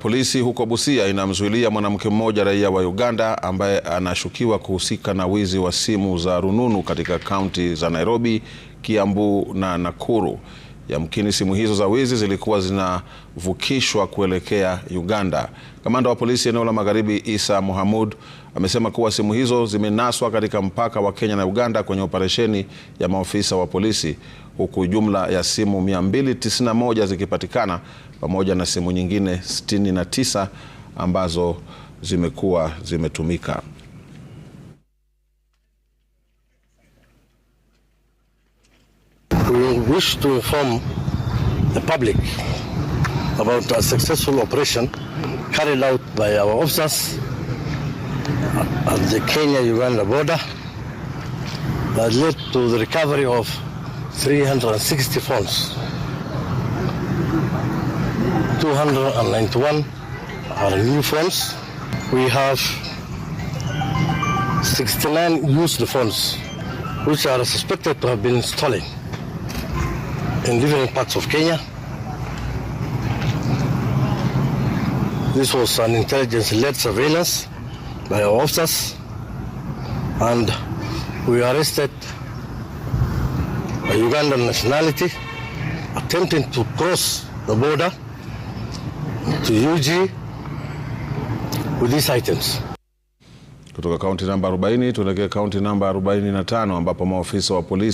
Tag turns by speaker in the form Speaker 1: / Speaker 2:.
Speaker 1: Polisi huko Busia inamzuilia mwanamke mmoja raia wa Uganda ambaye anashukiwa kuhusika na wizi wa simu za rununu katika kaunti za Nairobi, Kiambu na Nakuru. Yamkini simu hizo za wizi zilikuwa zinavukishwa kuelekea Uganda. Kamanda wa polisi eneo la Magharibi, Isa Mohamud, amesema kuwa simu hizo zimenaswa katika mpaka wa Kenya na Uganda kwenye operesheni ya maofisa wa polisi, huku jumla ya simu 291 zikipatikana pamoja na simu nyingine 69 ambazo zimekuwa zimetumika.
Speaker 2: wish to inform the public about a successful operation carried out by our officers at the Kenya-Uganda border that led to the recovery of 360 phones. 291 are new phones. We have 69 used phones which are suspected to have been stolen. in different parts of Kenya. This was an intelligence-led surveillance by our officers and we arrested a Ugandan nationality attempting to cross the border to UG with these items. Kutoka kaunti namba 40 tuelekee kaunti namba 45 ambapo maofisa wa polisi